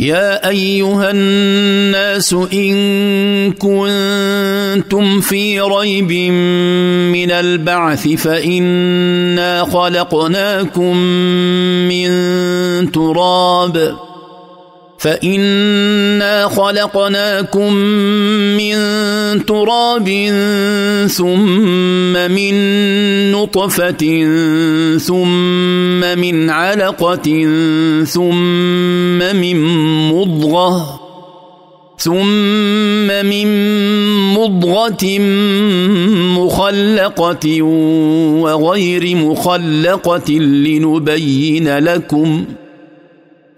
يا ايها الناس ان كنتم في ريب من البعث فانا خلقناكم من تراب فانا خلقناكم من تراب ثم من نطفه ثم من علقه ثم من مضغه ثم من مضغه مخلقه وغير مخلقه لنبين لكم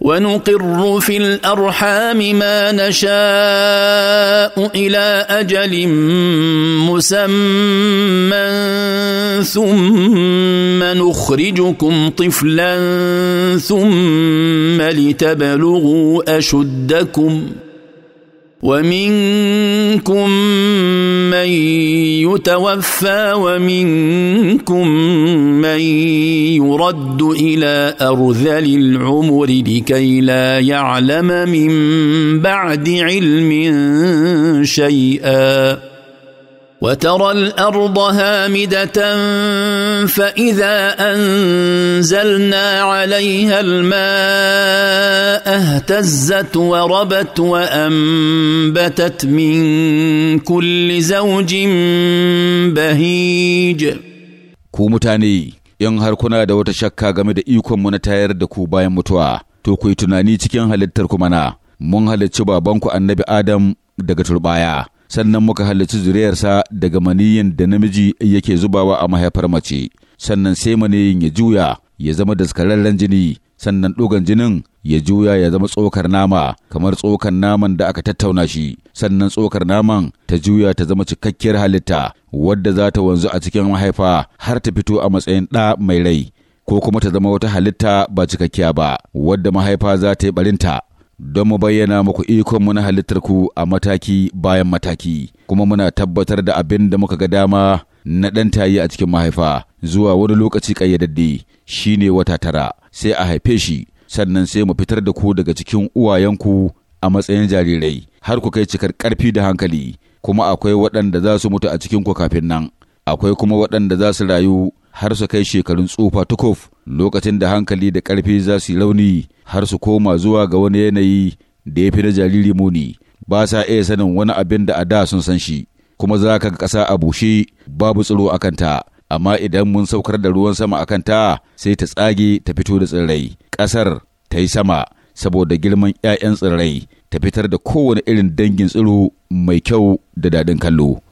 ونقر في الارحام ما نشاء الى اجل مسمى ثم نخرجكم طفلا ثم لتبلغوا اشدكم ومنكم من يتوفى ومنكم من يرد الى ارذل العمر لكي لا يعلم من بعد علم شيئا وترى الارض هامده فاذا انزلنا عليها الماء اهتزت وربت وانبتت من كل زوج بهيج ku mutane in har kuna da wata shakka game da ikonmu na tayar da ku bayan mutuwa to ku yi tunani cikin halittar ku mana mun halicci babanku annabi adam daga turbaya sannan muka halarci zuriyarsa daga maniyin da namiji yake zubawa a mahaifar mace sannan sai maniyin ya juya ya zama daskararren jini sannan dogon jinin ya juya ya zama tsokar nama kamar tsokar naman da aka tattauna shi sannan tsokar naman ta juya ta zama cikakkiyar halitta wadda za ta wanzu a cikin mahaifa har ta fito a matsayin ɗa mai rai ko kuma ta zama wata halitta ba cikakkiya ba wadda mahaifa za ta yi barinta don mu bayyana muku ikonmu na ku a mataki bayan mataki, kuma muna tabbatar da abin da muka ga dama na ɗan tayi a cikin mahaifa zuwa wani lokaci ƙayyadadde shi ne wata tara, sai a haife shi, sannan sai mu fitar da ku daga cikin uwayenku a matsayin jarirai, har ku kai cikar ƙarfi da hankali, kuma akwai waɗanda za su mutu a cikin ku kafin nan, akwai kuma waɗanda za su rayu har su kai shekarun tsufa tukuf lokacin da hankali da ƙarfi za su yi rauni har su koma zuwa ga wani yanayi da ya fi na jariri muni ba sa iya sanin wani abin da a da sun san shi kuma za ka ƙasa a bushe babu tsiro a kanta amma idan mun saukar da ruwan sama a kanta sai ta tsage ta fito da tsirrai ƙasar ta yi sama saboda girman 'ya'yan tsirrai ta fitar da kowane irin dangin tsiro mai kyau da daɗin kallo